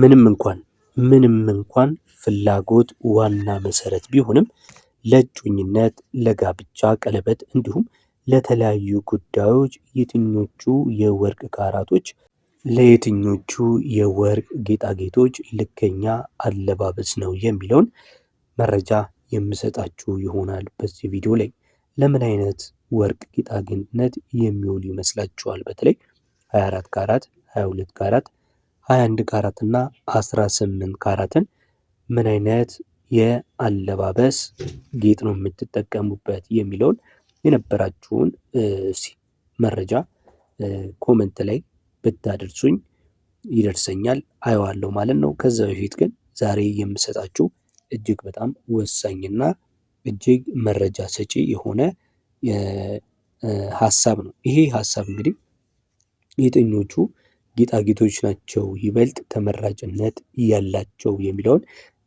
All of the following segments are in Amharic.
ምንም እንኳን ምንም እንኳን ፍላጎት ዋና መሰረት ቢሆንም ለእጮኝነት፣ ለጋብቻ ቀለበት እንዲሁም ለተለያዩ ጉዳዮች የትኞቹ የወርቅ ካራቶች ለየትኞቹ የወርቅ ጌጣጌጦች ልከኛ አለባበስ ነው የሚለውን መረጃ የምሰጣችሁ ይሆናል በዚህ ቪዲዮ ላይ። ለምን አይነት ወርቅ ጌጣጌጥነት የሚውል ይመስላችኋል? በተለይ 24 ካራት፣ 22 ካራት 21 ካራት እና 18 ካራትን ምን አይነት የአለባበስ ጌጥ ነው የምትጠቀሙበት የሚለውን የነበራችሁን መረጃ ኮመንት ላይ ብታደርሱኝ ይደርሰኛል፣ አየዋለሁ ማለት ነው። ከዛ በፊት ግን ዛሬ የምሰጣችሁ እጅግ በጣም ወሳኝና እጅግ መረጃ ሰጪ የሆነ ሀሳብ ነው። ይሄ ሀሳብ እንግዲህ የትኞቹ ጌጣጌጦች ናቸው ይበልጥ ተመራጭነት ያላቸው የሚለውን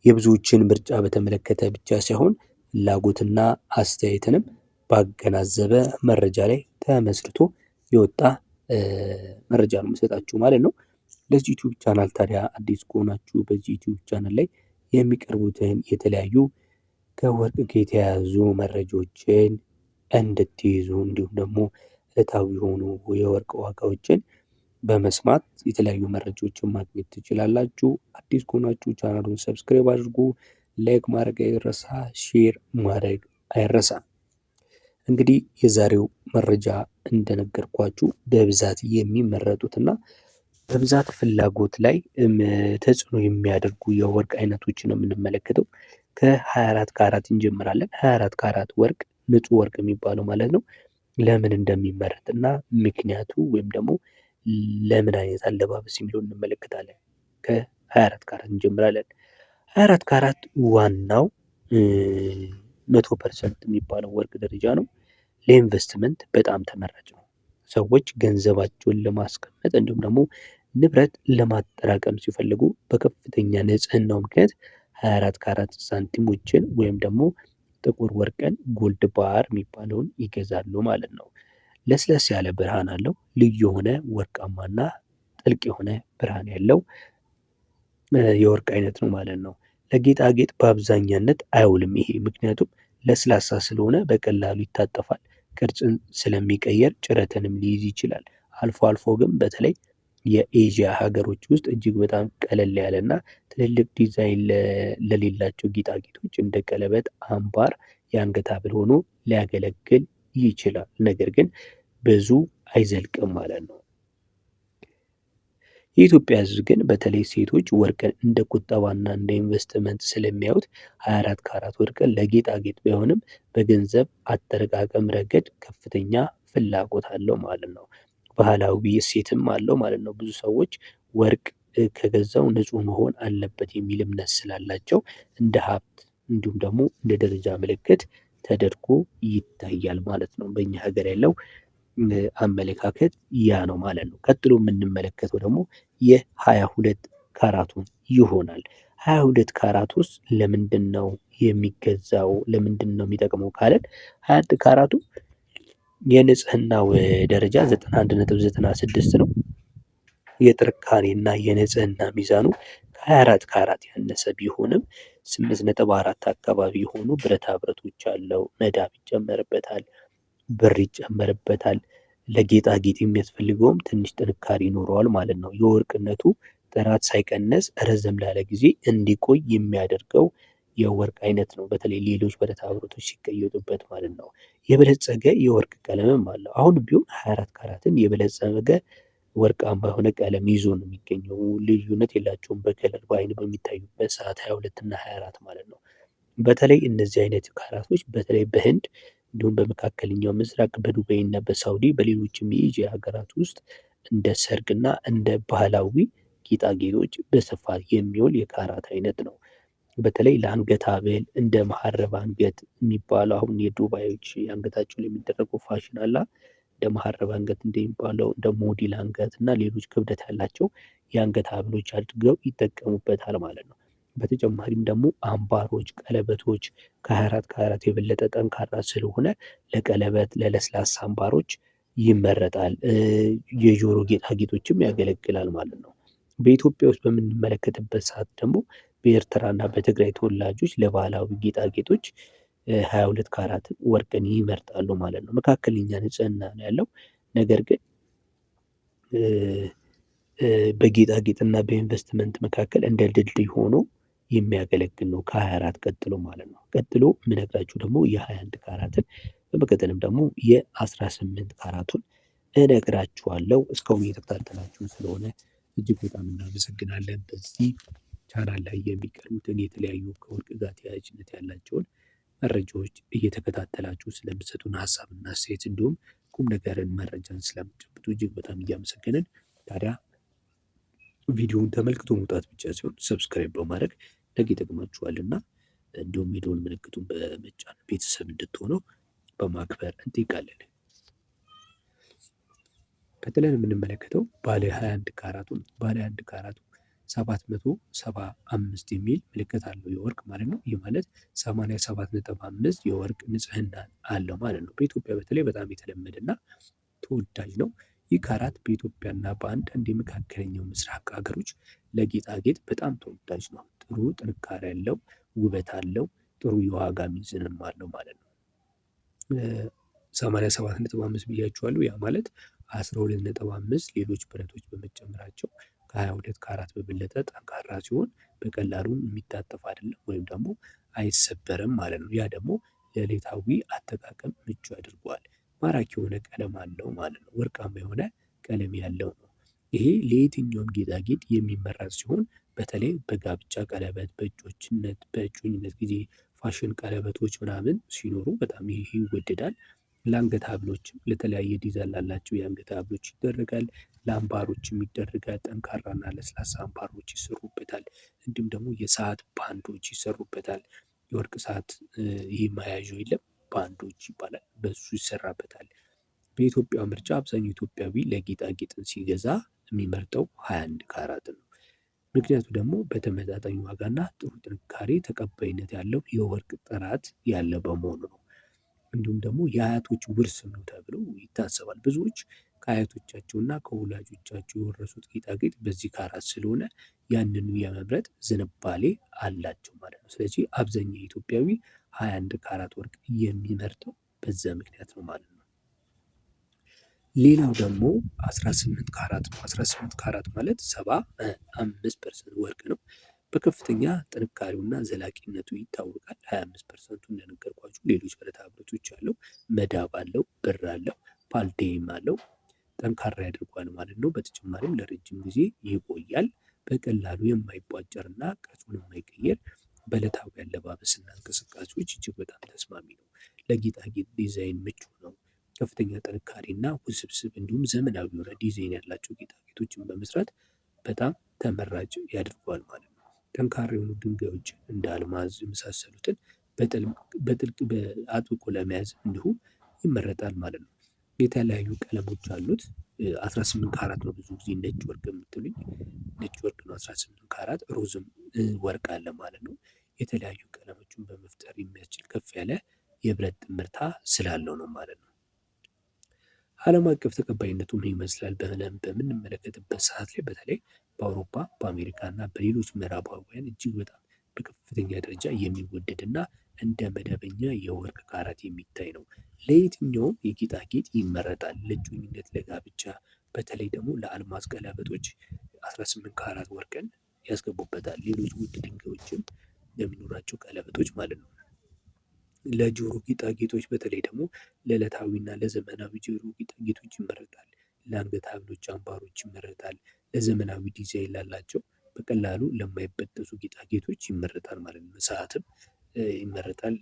የብዙዎችን ምርጫ በተመለከተ ብቻ ሳይሆን ፍላጎትና አስተያየትንም ባገናዘበ መረጃ ላይ ተመስርቶ የወጣ መረጃ ነው የምሰጣችሁ ማለት ነው። ለዚህ ዩቲዩብ ቻናል ታዲያ አዲስ ከሆናችሁ በዚህ ዩቲዩብ ቻናል ላይ የሚቀርቡትን የተለያዩ ከወርቅ ጋር የተያያዙ መረጃዎችን እንድትይዙ እንዲሁም ደግሞ ዕለታዊ የሆኑ የወርቅ ዋጋዎችን በመስማት የተለያዩ መረጃዎችን ማግኘት ትችላላችሁ። አዲስ ከሆናችሁ ቻናሉን ሰብስክራይብ አድርጉ። ላይክ ማድረግ አይረሳ፣ ሼር ማድረግ አይረሳ። እንግዲህ የዛሬው መረጃ እንደነገርኳችሁ በብዛት የሚመረጡት እና በብዛት ፍላጎት ላይ ተጽዕኖ የሚያደርጉ የወርቅ አይነቶችን ነው የምንመለከተው። ከ24 ካራት እንጀምራለን። 24 ካራት ወርቅ ንጹህ ወርቅ የሚባለው ማለት ነው። ለምን እንደሚመረት እና ምክንያቱ ወይም ደግሞ ለምን አይነት አለባበስ የሚለው እንመለከታለን። ከ24 ካራት እንጀምራለን። 24 ካራት ዋናው መቶ ፐርሰንት የሚባለው ወርቅ ደረጃ ነው። ለኢንቨስትመንት በጣም ተመራጭ ነው። ሰዎች ገንዘባቸውን ለማስቀመጥ እንዲሁም ደግሞ ንብረት ለማጠራቀም ሲፈልጉ በከፍተኛ ንጽህናው ምክንያት 24 ካራት ሳንቲሞችን ወይም ደግሞ ጥቁር ወርቅን ጎልድ ባር የሚባለውን ይገዛሉ ማለት ነው። ለስለስ ያለ ብርሃን አለው። ልዩ የሆነ ወርቃማና ጥልቅ የሆነ ብርሃን ያለው የወርቅ አይነት ነው ማለት ነው። ለጌጣጌጥ በአብዛኛነት አይውልም ይሄ ምክንያቱም ለስላሳ ስለሆነ በቀላሉ ይታጠፋል። ቅርጽን ስለሚቀየር ጭረትንም ሊይዝ ይችላል። አልፎ አልፎ ግን በተለይ የኤዥያ ሀገሮች ውስጥ እጅግ በጣም ቀለል ያለና ትልልቅ ዲዛይን ለሌላቸው ጌጣጌጦች እንደ ቀለበት፣ አምባር፣ የአንገት ሀብል ሆኖ ሊያገለግል ይችላል። ነገር ግን ብዙ አይዘልቅም ማለት ነው። የኢትዮጵያ ሕዝብ ግን በተለይ ሴቶች ወርቅን እንደ ቁጠባና እንደ ኢንቨስትመንት ስለሚያዩት 24 ካራት ወርቅን ለጌጣጌጥ ቢሆንም በገንዘብ አጠረቃቀም ረገድ ከፍተኛ ፍላጎት አለው ማለት ነው። ባህላዊ እሴትም አለው ማለት ነው። ብዙ ሰዎች ወርቅ ከገዛው ንጹህ መሆን አለበት የሚል እምነት ስላላቸው እንደ ሀብት እንዲሁም ደግሞ እንደ ደረጃ ምልክት ተደርጎ ይታያል ማለት ነው። በእኛ ሀገር ያለው አመለካከት ያ ነው ማለት ነው። ቀጥሎ የምንመለከተው ደግሞ የሀያ ሁለት ካራቱን ይሆናል። ሀያ ሁለት ካራት ውስጥ ለምንድን ነው የሚገዛው? ለምንድን ነው የሚጠቅመው ካለን ሀያ አንድ ካራቱ የንጽህናው ደረጃ ዘጠና አንድ ነጥብ ዘጠና ስድስት ነው። የጥንካሬና የንጽህና ሚዛኑ ከሀያ አራት ካራት ያነሰ ቢሆንም ስምንት ነጥብ አራት አካባቢ የሆኑ ብረታ ብረቶች አለው። መዳብ ይጨመርበታል፣ ብር ይጨመርበታል። ለጌጣጌጥ የሚያስፈልገውም ትንሽ ጥንካሬ ይኖረዋል ማለት ነው። የወርቅነቱ ጥራት ሳይቀነስ ረዘም ላለ ጊዜ እንዲቆይ የሚያደርገው የወርቅ አይነት ነው። በተለይ ሌሎች ብረታ ብረቶች ሲቀየጡበት ማለት ነው። የበለጸገ የወርቅ ቀለምም አለው። አሁን ቢሆን 24 ካራትን የበለጸገ ወርቃማ የሆነ ቀለም ይዞ ነው የሚገኘው። ልዩነት የላቸውም በከለር በአይን በሚታዩበት ሰዓት 22 እና 24 ማለት ነው። በተለይ እነዚህ አይነት ካራቶች በተለይ በህንድ እንዲሁም በመካከለኛው ምስራቅ በዱባይ እና በሳውዲ በሌሎችም የኤዥያ ሀገራት ውስጥ እንደ ሰርግ እና እንደ ባህላዊ ጌጣጌጦች በስፋት የሚውል የካራት አይነት ነው። በተለይ ለአንገት ሀብል እንደ መሀረብ አንገት የሚባለው አሁን የዱባዮች አንገታቸው ላይ የሚደረገው ፋሽን አላ መሀረብ አንገት እንደሚባለው እንደ ሞዲል አንገት እና ሌሎች ክብደት ያላቸው የአንገት ሀብሎች አድርገው ይጠቀሙበታል ማለት ነው። በተጨማሪም ደግሞ አምባሮች፣ ቀለበቶች ከ24 ካራት የበለጠ ጠንካራ ስለሆነ ለቀለበት፣ ለለስላሳ አምባሮች ይመረጣል። የጆሮ ጌጣጌጦችም ያገለግላል ማለት ነው። በኢትዮጵያ ውስጥ በምንመለከትበት ሰዓት ደግሞ በኤርትራና በትግራይ ተወላጆች ለባህላዊ ጌጣጌጦች ሀያ ሁለት ካራትን ወርቅን ይመርጣሉ ማለት ነው። መካከለኛ ንጽህና ነው ያለው። ነገር ግን በጌጣጌጥና በኢንቨስትመንት መካከል እንደ ድልድይ ሆኖ የሚያገለግል ነው ከሀያ አራት ቀጥሎ ማለት ነው። ቀጥሎ የምነግራችሁ ደግሞ የሀያ አንድ ካራትን በመቀጠልም ደግሞ የአስራ ስምንት ካራቱን እነግራችኋለሁ። እስካሁን እየተከታተላችሁ ስለሆነ እጅግ በጣም እናመሰግናለን። በዚህ ቻናል ላይ የሚቀርቡትን የተለያዩ ከወርቅ ጋር ተያያዥነት ያላቸውን መረጃዎች እየተከታተላችሁ ስለምትሰጡን ሀሳብና አስተያየት እንዲሁም ቁም ነገርን መረጃን ስለምትጨብጡ እጅግ በጣም እያመሰገንን ታዲያ ቪዲዮውን ተመልክቶ መውጣት ብቻ ሲሆን ሰብስክራይብ በማድረግ ነገ ይጠቅማችኋልና እንዲሁም የደወል ምልክቱን በመጫን ቤተሰብ እንድትሆነው በማክበር እንጠይቃለን። ቀጥለን የምንመለከተው ባለ 21 ካራቱን ባለ 21 ካራቱ 775 የሚል ምልክት አለው የወርቅ ማለት ነው። ይህ ማለት 87.5 የወርቅ ንጽህና አለው ማለት ነው። በኢትዮጵያ በተለይ በጣም የተለመደ እና ተወዳጅ ነው። ይህ ካራት በኢትዮጵያና በአንዳንድ የመካከለኛው ምስራቅ ሀገሮች ለጌጣጌጥ በጣም ተወዳጅ ነው። ጥሩ ጥንካሬ ያለው ውበት አለው። ጥሩ የዋጋ ሚዛንም አለው ማለት ነው። 87.5 ብያችኋለሁ። ያ ማለት 12.5 ሌሎች ብረቶች በመጨመራቸው ከሃያ ካራት በበለጠ ጠንካራ ሲሆን በቀላሉ የሚታጠፍ አይደለም ወይም ደግሞ አይሰበርም ማለት ነው። ያ ደግሞ ለሌታዊ አጠቃቀም ምቹ ያደርገዋል። ማራኪ የሆነ ቀለም አለው ማለት ነው። ወርቃማ የሆነ ቀለም ያለው ነው። ይሄ ለየትኛውም ጌጣጌጥ የሚመረጥ ሲሆን በተለይ በጋብቻ ቀለበት፣ በእጮችነት በእጮኝነት ጊዜ ፋሽን ቀለበቶች ምናምን ሲኖሩ በጣም ይሄ ይወደዳል። ለአንገት ሀብሎችም ለተለያየ ዲዛይን ላላቸው የአንገት ሀብሎች ይደረጋል። ለአምባሮችም ይደረጋል። ጠንካራና ለስላሳ አምባሮች ይሰሩበታል። እንዲሁም ደግሞ የሰዓት ባንዶች ይሰሩበታል። የወርቅ ሰዓት ይህ መያዡ የለም ባንዶች ይባላል። በሱ ይሰራበታል። በኢትዮጵያ ምርጫ አብዛኛው ኢትዮጵያዊ ለጌጣጌጥን ሲገዛ የሚመርጠው 21 ካራት ነው። ምክንያቱ ደግሞ በተመጣጣኝ ዋጋና ጥሩ ጥንካሬ ተቀባይነት ያለው የወርቅ ጥራት ያለ በመሆኑ ነው። እንዲሁም ደግሞ የአያቶች ውርስ ነው ተብሎ ይታሰባል። ብዙዎች ከአያቶቻቸው እና ከወላጆቻቸው የወረሱት ጌጣጌጥ በዚህ ካራት ስለሆነ ያንኑ የመምረጥ ዝንባሌ አላቸው ማለት ነው። ስለዚህ አብዛኛው ኢትዮጵያዊ 21 ካራት ወርቅ የሚመርጠው በዛ ምክንያት ነው ማለት ነው። ሌላው ደግሞ ስምንት ካራት ነው። ስምንት ካራት ማለት 75 ፐርሰንት ወርቅ ነው። በከፍተኛ ጥንካሬውና ዘላቂነቱ ይታወቃል። 25 ፐርሰንቱ እንደነገርኳችሁ ሌሎች ብረታ ብረቶች አለው፣ መዳብ አለው፣ ብር አለው፣ ፓልቴም አለው ጠንካራ ያደርገዋል ማለት ነው። በተጨማሪም ለረጅም ጊዜ ይቆያል። በቀላሉ የማይቧጨር እና ቅርጹን የማይቀየር በዕለታዊ አለባበስና እንቅስቃሴዎች እጅግ በጣም ተስማሚ ነው። ለጌጣጌጥ ዲዛይን ምቹ ነው። ከፍተኛ ጥንካሬና ውስብስብ እንዲሁም ዘመናዊ የሆነ ዲዛይን ያላቸው ጌጣጌጦችን በመስራት በጣም ተመራጭ ያደርገዋል ማለት ነው። ጠንካራ የሆኑ ድንጋዮች እንደ አልማዝ የመሳሰሉትን በጥልቅ አጥብቆ ለመያዝ እንዲሁም ይመረጣል ማለት ነው። የተለያዩ ቀለሞች አሉት። 18 ካራት ነው ብዙ ጊዜ ነጭ ወርቅ የምትሉኝ ነጭ ወርቅ ነው 18 ካራት። ሮዝም ወርቅ አለ ማለት ነው። የተለያዩ ቀለሞችን በመፍጠር የሚያስችል ከፍ ያለ የብረት ጥምርታ ስላለው ነው ማለት ነው። ዓለም አቀፍ ተቀባይነቱ ምን ይመስላል ብለን በምንመለከትበት ሰዓት ላይ በተለይ በአውሮፓ በአሜሪካ እና በሌሎች ምዕራባውያን እጅግ በጣም በከፍተኛ ደረጃ የሚወደድ እና እንደ መደበኛ የወርቅ ካራት የሚታይ ነው። ለየትኛውም የጌጣጌጥ ይመረጣል። ለእጮኝነት፣ ለጋብቻ በተለይ ደግሞ ለአልማዝ ቀለበጦች 18 ካራት ወርቅን ያስገቡበታል። ሌሎች ውድ ድንጋዮችም ለሚኖራቸው ቀለበጦች ማለት ነው። ለጆሮ ጌጣጌጦች በተለይ ደግሞ ለዕለታዊና ለዘመናዊ ጆሮ ጌጣጌጦች ይመረጣል። ለአንገት ሀብሎች፣ አምባሮች ይመረጣል። ለዘመናዊ ዲዛይን ላላቸው በቀላሉ ለማይበጠሱ ጌጣጌጦች ይመረጣል ማለት ነው። ሰዓትም ይመረጣል።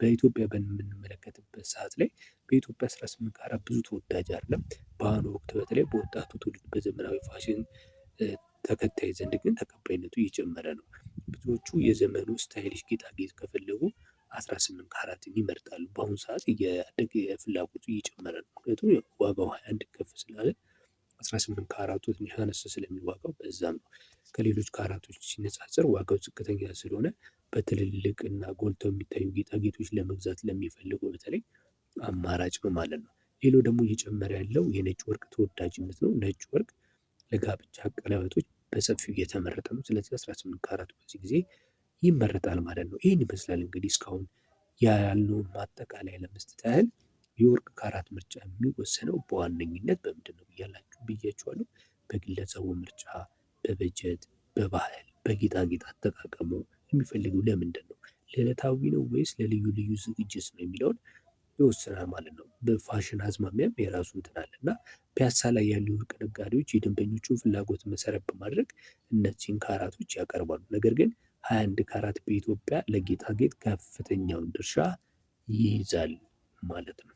በኢትዮጵያ በምንመለከትበት ሰዓት ላይ በኢትዮጵያ 18 ካራት ብዙ ተወዳጅ አይደለም። በአሁኑ ወቅት በተለይ በወጣቱ ትውልድ በዘመናዊ ፋሽን ተከታይ ዘንድ ግን ተቀባይነቱ እየጨመረ ነው። ብዙዎቹ የዘመኑ ስታይሊሽ ጌጣጌጥ ከፈለጉ 18 ካራትን ይመርጣሉ። በአሁኑ ሰዓት እያደገ ፍላጎቱ እየጨመረ ነው። ምክንያቱም ዋጋው አንድ ከፍ ስላለ 18 ካራቱ ትንሽ አነስ ስለሚዋጋው በዛም ነው። ከሌሎች ካራቶች ሲነጻጸር ዋጋው ዝቅተኛ ስለሆነ በትልልቅ እና ጎልተው የሚታዩ ጌጣጌጦች ለመግዛት ለሚፈልጉ በተለይ አማራጭ ነው ማለት ነው። ሌላው ደግሞ እየጨመረ ያለው የነጭ ወርቅ ተወዳጅነት ነው። ነጭ ወርቅ ለጋብቻ ቀለበቶች በሰፊው እየተመረጠ ነው። ስለዚህ 18 ካራት በዚህ ጊዜ ይመረጣል ማለት ነው። ይህን ይመስላል እንግዲህ እስካሁን ያለውን ማጠቃለያ ለመስጠት ያህል የወርቅ ካራት ምርጫ የሚወሰነው በዋነኝነት በምንድን ነው ብያላችሁ ብያችኋለሁ። በግለሰቡ ምርጫ፣ በበጀት፣ በባህል፣ በጌጣጌጥ አጠቃቀሙ የሚፈልገው ለምንድን ነው? ለዕለታዊ ነው ወይስ ለልዩ ልዩ ዝግጅት ነው የሚለውን ይወስናል ማለት ነው። በፋሽን አዝማሚያም የራሱ እንትን አለ እና ፒያሳ ላይ ያሉ የወርቅ ነጋዴዎች የደንበኞቹን ፍላጎት መሰረት በማድረግ እነዚህን ካራቶች ያቀርባሉ። ነገር ግን አንድ ካራት በኢትዮጵያ ለጌጣጌጥ ከፍተኛውን ድርሻ ይይዛል ማለት ነው።